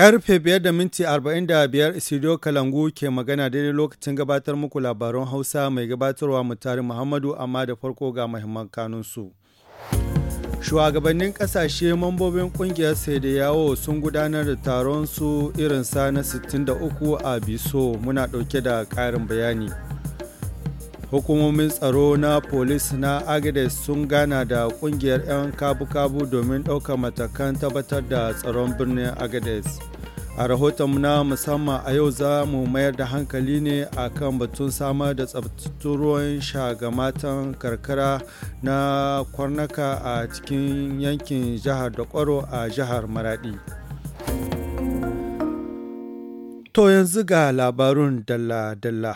Karfe biyar da minti arba'in da biyar Isidio Kalangu ke magana daidai lokacin gabatar muku labaran Hausa mai gabatarwa mutari Muhammadu amma da farko ga mahimman kanunsu. Shugabannin ƙasashe mambobin ƙungiyar kungiyar yawo sun gudanar da taron su irin sa na 63 a Biso muna ɗauke da ƙarin bayani. hukumomin tsaro na polis na agades sun gana da ƙungiyar 'yan kabu-kabu domin ɗaukar matakan tabbatar da tsaron birnin agades a rahoton na musamman a yau za mu mayar da hankali ne a kan batun samar da tsabtattun ruwan sha matan karkara na kwarnaka a cikin yankin jihar da kwaro a jihar maradi to yanzu ga labarun dalla-dalla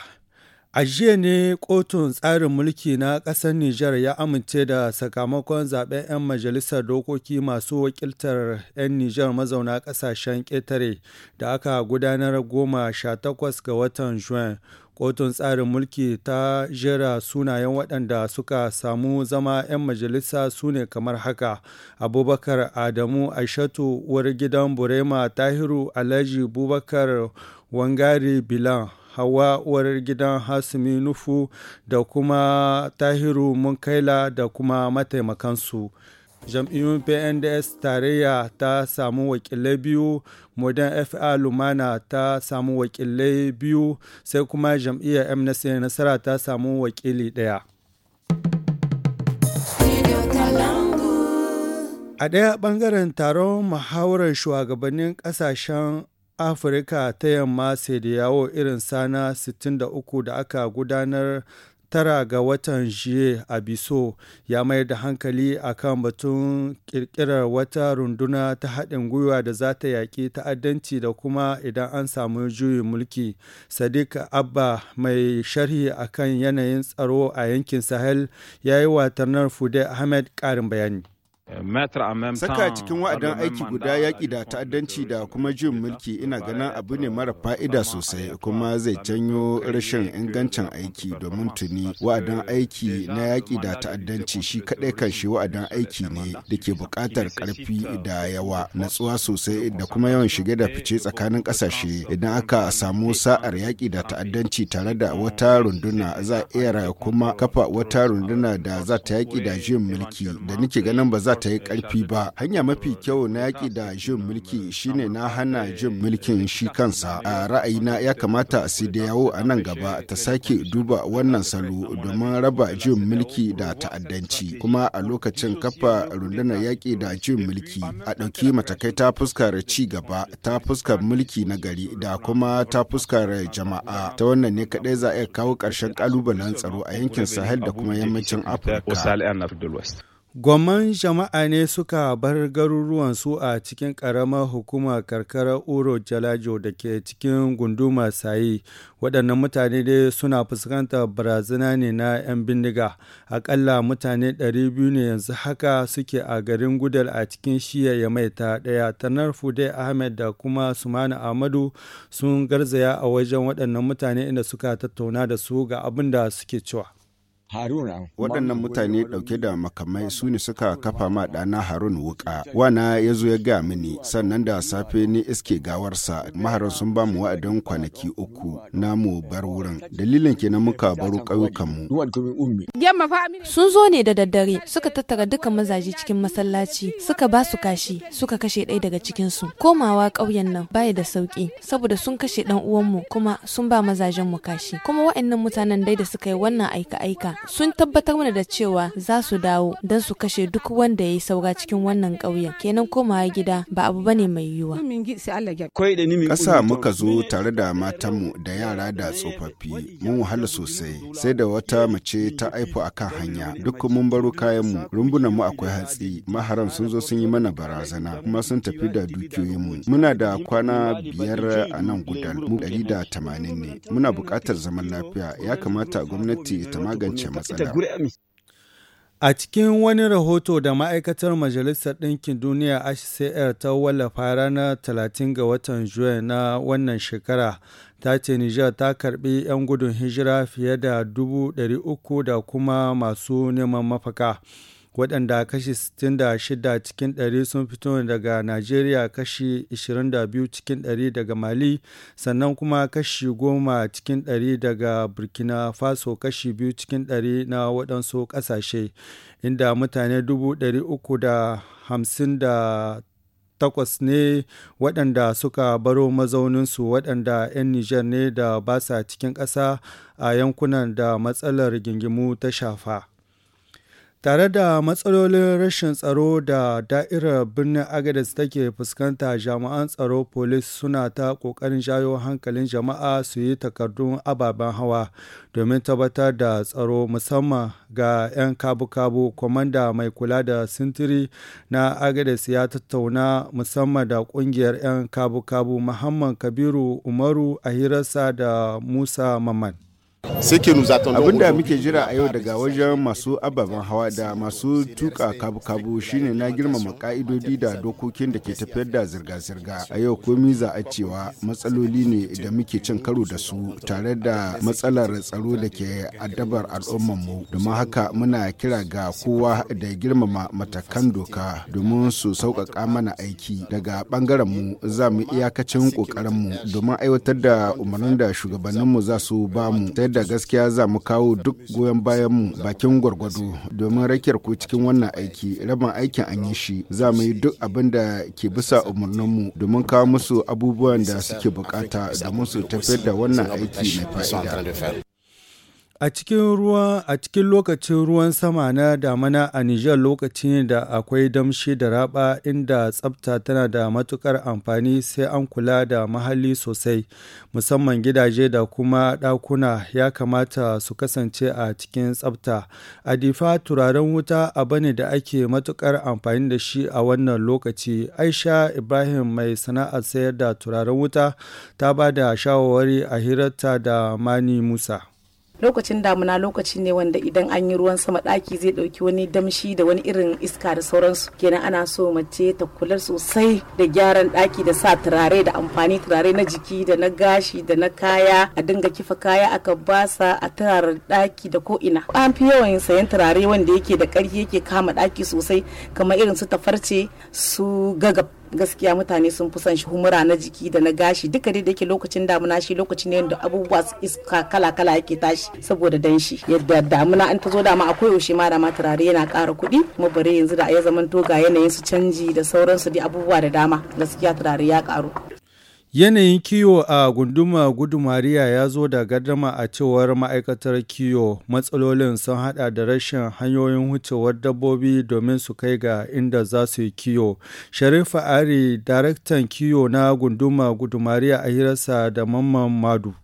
A jiya ne kotun tsarin mulki na ƙasar Nijar ya amince da sakamakon zaben 'yan majalisar dokoki masu wakiltar 'yan Nijar mazauna ƙasashen ƙetare da aka gudanar goma sha takwas ga watan Juin. Kotun tsarin mulki ta jera sunayen waɗanda suka samu zama 'yan majalisa su ne kamar haka: Abubakar Adamu Aishatu, uwar gidan Burema Tahiru Alhaji Bubakar Wangari Bilan. hawa uwar gidan hasumi nufu da kuma tahiru munkaila da kuma mataimakansu jam'iyyun pnds tarayya ta samu wakilai biyu modern fa lumana ta samu wakilai biyu sai kuma jam'iyyar mnc nasara ta samu wakili daya a ɗaya ɓangaren taron muhawarar shugabannin ƙasashen afirka ta yamma sai yawo irin sana 63 da aka gudanar tara ga watan jiye a biso ya mayar da hankali akan batun kirkirar wata runduna ta haɗin gwiwa da za ta yaƙi ta'addanci da kuma idan an samu juyin mulki sadiq abba mai sharhi akan yanayin tsaro a yankin sahel ya yi watannar fude ahmed ƙarin bayani Saka cikin wa'adan aiki guda yaƙi da ta'addanci da kuma jin mulki ina ganin abu ne mara fa'ida sosai kuma zai janyo rashin ingancin aiki domin tuni wa'adan aiki na yaƙi da ta'addanci shi kaɗai kan shi wa'adan aiki ne da ke buƙatar ƙarfi da yawa natsuwa sosai da kuma yawan shige da fice tsakanin ƙasashe idan aka samu sa'ar yaƙi da ta'addanci tare da wata runduna za a iya kuma kafa wata runduna da za ta yaƙi da jin mulki da nake ganin ba za ta yi ƙarfi ba. Hanya mafi kyau na yaƙi da jin mulki shine na hana jin mulkin shi kansa. A ra'ayina ya kamata sai da yawo a nan gaba ta sake duba wannan salo domin raba jin mulki da ta'addanci. Kuma a lokacin kafa rundunar yaƙi da jin mulki a ɗauki matakai ta fuskar ci gaba ta fuskar mulki na gari da kuma ta fuskar jama'a ta wannan ne kaɗai za a iya kawo ƙarshen ƙalubalen tsaro a yankin sahel da kuma yammacin afirka Gwamman jama'a ne suka bar garuruwansu a cikin ƙaramar hukumar karkarar Uro Jalajo da ke cikin gunduma sayi. Waɗannan mutane dai suna fuskantar barazana ne na 'yan bindiga. Aƙalla mutane 200 ne yanzu haka suke a garin Gudal a cikin shiya ya mai ta ɗaya. Tanar Fude Ahmed da kuma Sumana Ahmadu sun garzaya a wajen waɗannan mutane inda suka tattauna da su ga abin da suke cewa. Waɗannan mutane ɗauke da makamai su ne suka kafa ma ɗana Harun wuƙa. Wana ya zo ya ga mini sannan da safe ni iske gawarsa maharan sun ba mu wa'adin kwanaki uku na mu bar wurin. Dalilin kenan muka baro ƙauyukanmu. Sun zo ne da daddare suka tattara duka mazaje cikin masallaci suka ba su kashi suka kashe ɗaya daga cikinsu. Komawa ƙauyen nan baya da sauƙi saboda sun kashe ɗan uwanmu kuma sun ba mazajen mu kashi. Kuma wa'annan mutanen dai da suka yi wannan aika-aika sun tabbatar mana da cewa za su dawo don su kashe duk wanda ya yi saura cikin wannan ƙauyen kenan komawa gida ba abu ba ne mai yiwuwa ƙasa muka zo tare da matanmu da yara da tsofaffi mun wahala sosai sai da wata mace ta aifo a kan hanya duk mun baro kayanmu rumbunanmu akwai hatsi maharan sun zo sun yi mana barazana kuma sun tafi da dukiyoyinmu muna da kwana biyar a nan gudan mu ɗari da tamanin ne muna buƙatar zaman lafiya ya kamata gwamnati ta magance matsalar. A cikin wani rahoto da ma'aikatar Majalisar Ɗinkin Duniya HCR ta wallafa ranar 30 ga watan Juyen na wannan shekara ta ce Nijar ta karbi 'yan gudun hijira fiye da 300 da kuma masu neman mafaka. waɗanda kashi 66 cikin 100 sun fito daga Najeriya kashi 22 cikin 100 daga Mali sannan kuma kashi 10 cikin 100 daga Burkina Faso kashi 2 cikin 100 na waɗansu ƙasashe inda mutane 350 takwas ne waɗanda suka baro mazauninsu waɗanda 'yan Nijar ne da ba sa cikin ƙasa a yankunan da matsalar gingimu ta shafa. tare da matsalolin rashin tsaro da da'irar birnin agadez take fuskanta jami'an tsaro polis suna ta kokarin jayo hankalin jama'a su yi takardun ababen hawa domin tabbatar da tsaro musamman ga 'yan kabu-kabu kwamanda mai kula da sintiri na agadez ya tattauna musamman da kungiyar 'yan kabu-kabu muhammad kabiru umaru a da musa maman abin da muke jira a yau daga wajen masu ababen hawa da masu tuka kabu-kabu shine na girmama ka'idodi da dokokin da ke tafiyar da zirga-zirga a yau komi za a cewa matsaloli ne da muke cin karo da su tare da matsalar tsaro da ke addabar al'ummarmu domin haka muna kira ga kowa da girmama matakan doka domin su sauƙaƙa mana aiki daga ɓangaren mu za mu iyakacin mu domin aiwatar da umarnin da shugabanninmu za su ba mu da gaskiya za mu kawo duk goyon bayan mu bakin gwargwado domin rakiyar ku cikin wannan aiki rabin aikin an yi shi za mu yi duk abin da ke bisa umarnin mu domin kawo musu abubuwan da suke bukata domin su tafiyar da wannan aiki mai fa'ida A cikin ruwa a cikin lokacin ruwan sama na damana a Nijar lokaci da akwai damshi da raba inda tsafta tana da matukar amfani sai an kula da mahalli sosai musamman gidaje da kuma ɗakuna ya kamata su kasance a cikin tsafta. Adifa turaren wuta abu ne da ake matukar amfani da shi a wannan lokaci. Aisha Ibrahim mai sana'ar sayar da turaren wuta ta ba da shawarwari a hirarta da Mani Musa. lokacin damuna lokaci ne wanda idan an yi ruwan sama ɗaki zai ɗauki wani damshi da wani irin iska da sauransu kenan ana so mace ta kula sosai da gyaran ɗaki da sa turare da amfani turare na jiki da na gashi da na kaya a dinga kifa kaya aka basa a turare ɗaki da ko ina an fi yawan sayan turare wanda yake da ƙarfi yake kama ɗaki sosai kamar irin su tafarce su gagab gaskiya mutane sun fi son shi humura na jiki da na gashi duka dai da yake lokacin damuna shi lokacin ne da abubuwa iska kala kala yake tashi saboda danshi yadda damuna an ta zo dama akwai yaushe ma da ma turare yana ƙara kuɗi kuma bare yanzu da a ya zamanto ga yanayin su canji da sauransu dai abubuwa da dama gaskiya turare ya ƙaru Yanayin kiwo a gunduma Gudumariya ya zo da gardama a cewar ma'aikatar kiwo, matsalolin sun haɗa da rashin hanyoyin wucewar dabbobi domin su kai ga inda za su yi kiwo. Sharifa Ari, daraktan kiwo na gunduma Gudumariya a hirarsa da Mamman Madu.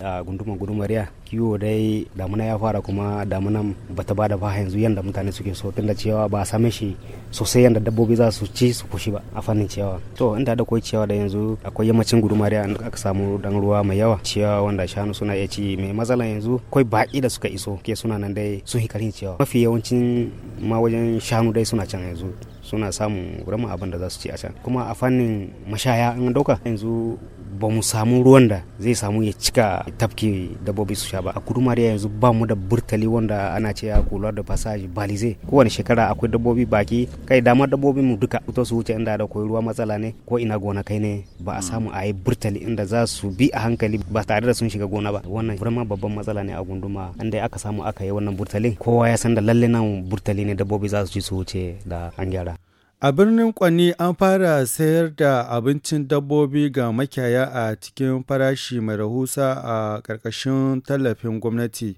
a gunduman gudumariya kiwo dai damuna ya fara kuma damunan bata bada ba yanzu yadda mutane suke so tunda cewa ba a same shi sosai yadda dabbobi za su ci su kushi ba a fannin ciyawa to inda da koi ciyawa da yanzu akwai yammacin gudumariya ya aka samu dan ruwa mai yawa ciyawa wanda shanu suna iya ci mai matsala yanzu koi baki da suka iso ke suna nan dai sun hikarin ciyawa mafi yawancin ma wajen shanu dai suna can yanzu suna samun rama abin da za su ci a can kuma a fannin mashaya an dauka yanzu ba mu samu ruwan da zai samu ya cika tafki dabbobi su sha ba a kudu mariya yanzu ba mu da burtali wanda ana ce a kula da fasaji balize kowane shekara akwai dabbobi baki kai damar dabbobin mu duka fito su wuce inda da koyi ruwa matsala ne ko ina gona kai ne ba a samu a yi burtali inda za su bi a hankali ba tare da sun shiga gona ba wannan vraiment babban matsala ne a gunduma inda aka samu aka yi wannan burtali. kowa ya san da lalle nan burtali ne dabbobi za su ci su wuce da an gyara A birnin Kwanni an fara sayar da abincin dabbobi ga makiyaya a cikin farashi mai rahusa a ƙarƙashin tallafin gwamnati.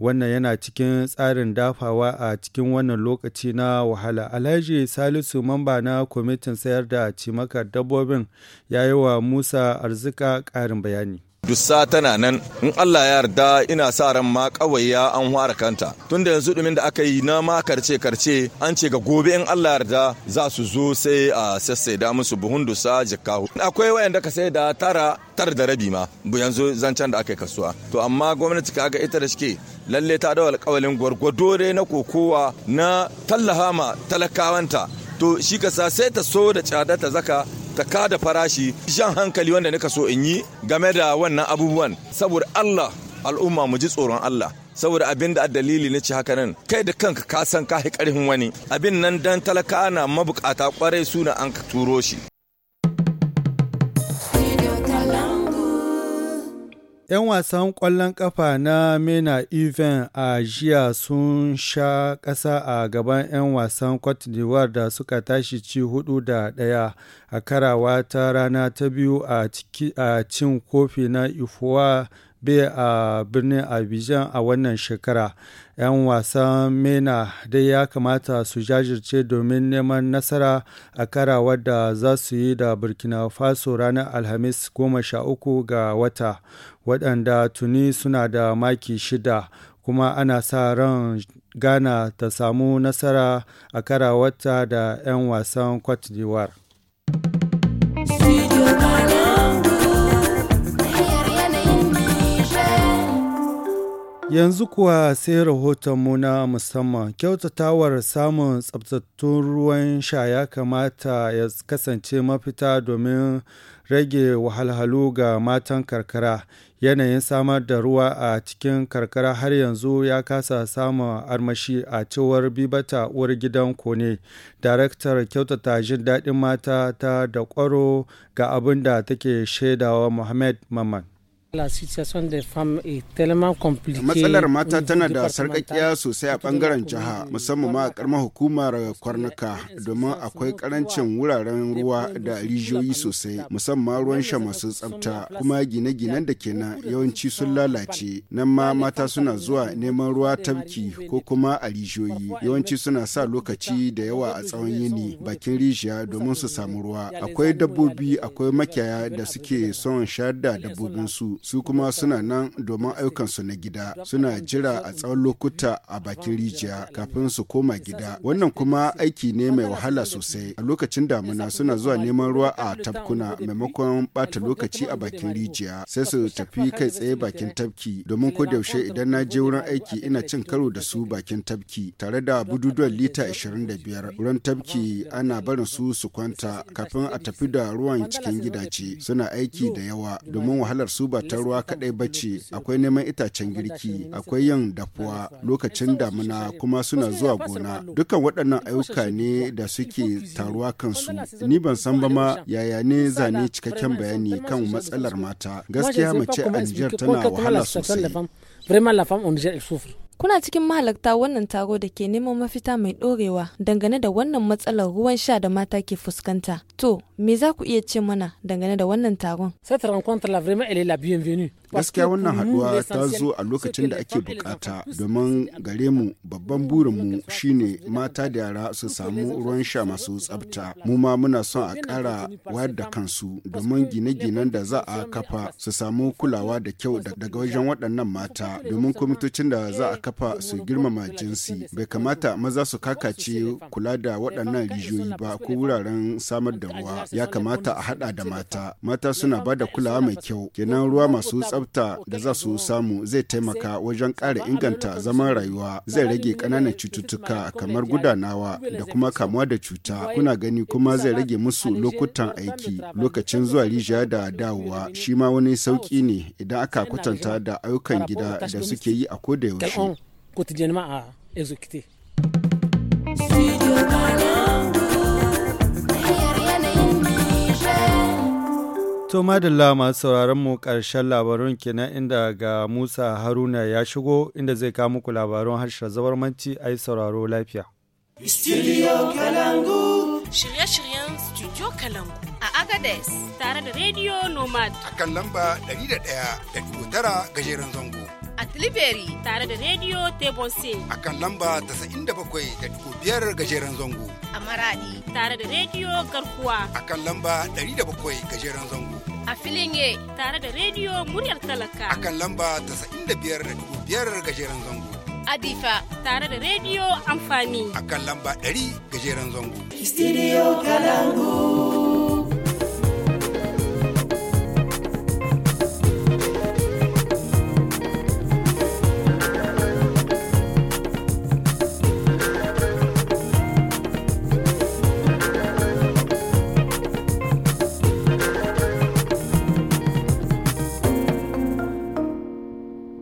Wannan yana cikin tsarin dafawa a cikin wannan lokaci na wahala. Alhaji Salisu mamba na kwamitin sayar da cimakar dabbobin ya yi wa Musa Arzika ƙarin bayani. dussa tana nan in Allah ya yarda ina sa ran ma kawaiya an fara kanta tunda yanzu dumin da aka yi na ma karce karce an ce ga gobe in Allah ya yarda za su zo sai a sassaida musu buhun dusa jikahu. akwai wayanda ka sai da tara tar da rabi ma bu yanzu zancen da aka kasuwa to amma gwamnati ka ga ita da shike lalle ta dawo alƙawalin gwargwado dai na kokowa na tallaha ma talakawanta to shi ka sa sai ta so da cada ta zaka ta kada farashi jan hankali wanda nika so in yi game da wannan abubuwan saboda Allah al'umma mu ji tsoron Allah saboda abin da dalili na ci haka nan kai da kanka ka san ka karhin wani abin nan dan talaka na mabukata kwarai suna an turo shi 'Yan wasan ƙwallon ƙafa na MENA even a jiya sun sha ƙasa a gaban 'yan wasan Cote d'Ivoire da suka tashi ci hudu da ɗaya a karawa ta rana ta biyu a cin kofi na ifuwa be a birnin Abidjan a wannan shekara. 'Yan wasan MENA dai ya kamata su jajirce domin neman nasara a karawa da za su yi da Burkina Faso ranar Alhamis 13 ga wata. waɗanda tuni suna da maki shida kuma ana sa ran ghana ta samu nasara a kara wata da 'yan wasan cote d'ivoire Yanzu kuwa sai rahotonmu na musamman kyautatawar samun tsabtattun ruwan sha ya kamata ya kasance mafita domin rage wahalhalu ga matan karkara yanayin samar da ruwa a cikin karkara har yanzu ya kasa samun armashi a cewar bibata uwar gidan kone daraktar kyautata jin daɗin mata ta da kwaro ga abin da take shaidawa muhammad maman La situation Matsalar mata tana da sarƙaƙiya sosai a ɓangaren jiha musamman ma a hukumar kwarnaka domin akwai ƙarancin wuraren ruwa da rijiyoyi sosai musamman ruwan sha masu tsafta kuma gine-ginen da ke nan yawanci sun lalace nan ma mata suna zuwa neman ruwa tafki ko kuma a rijiyoyi yawanci suna sa lokaci da yawa a tsawon yini bakin rijiya domin su samu ruwa akwai dabbobi akwai makiyaya da suke son shayar dabbobin su. su kuma suna nan domin ayyukansu na gida suna jira a tsawon lokuta a bakin rijiya kafin su koma gida wannan kuma aiki ne mai wahala sosai a lokacin damuna suna zuwa neman ruwa a tafkuna maimakon bata lokaci a bakin rijiya sai su tafi kai tsaye bakin tafki domin ko yaushe idan na je wurin aiki ina cin karo da su bakin tafki tare da bududuwan lita ashirin da biyar. wurin tafki ana barin su su kwanta kafin a tafi da ruwan cikin gidaje suna aiki da yawa domin wahalar su ba ta ruwa kadai ba ce akwai neman itacen girki akwai yin dafuwa lokacin damuna kuma suna zuwa gona dukkan waɗannan ayyuka ne da suke taruwa kansu ni ban san ba ma yaya ne zane cikakken bayani kan matsalar mata gaskiya mace a nijar tana wahala sosai Kuna cikin mahalarta wannan taro da ke neman mafita mai ɗorewa dangane da wannan matsalar ruwan sha da mata ke fuskanta. To, me za ku iya ce mana dangane da wannan taron? Cette rencontre la vraiment elle est la bienvenue. gaskiya wannan haduwa ta zo a lokacin da ake bukata domin gare mu babban burinmu shine mata da yara su samu ruwan sha masu tsabta mu ma muna son a kara wayar da kansu domin gine-ginen da za a kafa su samu kulawa da kyau daga wajen waɗannan mata domin kwamitocin da za a kafa su girmama jinsi bai kamata maza su kakace kula da waɗannan rijiyoyi ba ko wuraren samar da ruwa ya kamata a haɗa da mata mata suna ba da kulawa mai kyau kenan ruwa masu tsabta tsafta da za su samu zai taimaka wajen ƙara inganta zaman rayuwa zai rage ƙananan cututtuka kamar gudanawa da kuma kamuwa da cuta kuna gani kuma zai rage musu lokutan aiki lokacin zuwa rijiya da dawowa shi ma wani sauƙi ne idan aka kwatanta da ayyukan gida da suke yi a koda yaushe To madalla masu sauraron mu ƙarshen labarun kenan inda ga Musa Haruna ya shigo inda zai kawo muku labarun harshen zabarmanci a yi sauraro lafiya. Studio Kalangu. Shirye-shiryen Studio Kalangu a Agadez tare da Radio Nomad. A kan lamba 101.9 gajeren zango. A Tilibiri tare da Radio Tebonse. A kan lamba 97.5 gajeren zango. A Maradi tare da Radio Garkuwa. A kan lamba 107 gajeren zango. a filin ye tare da rediyo muryar talaka a kan lamba biyar gajeren zango adifa tare da rediyo amfani a kan lamba 100 gajeren zango studio kalangu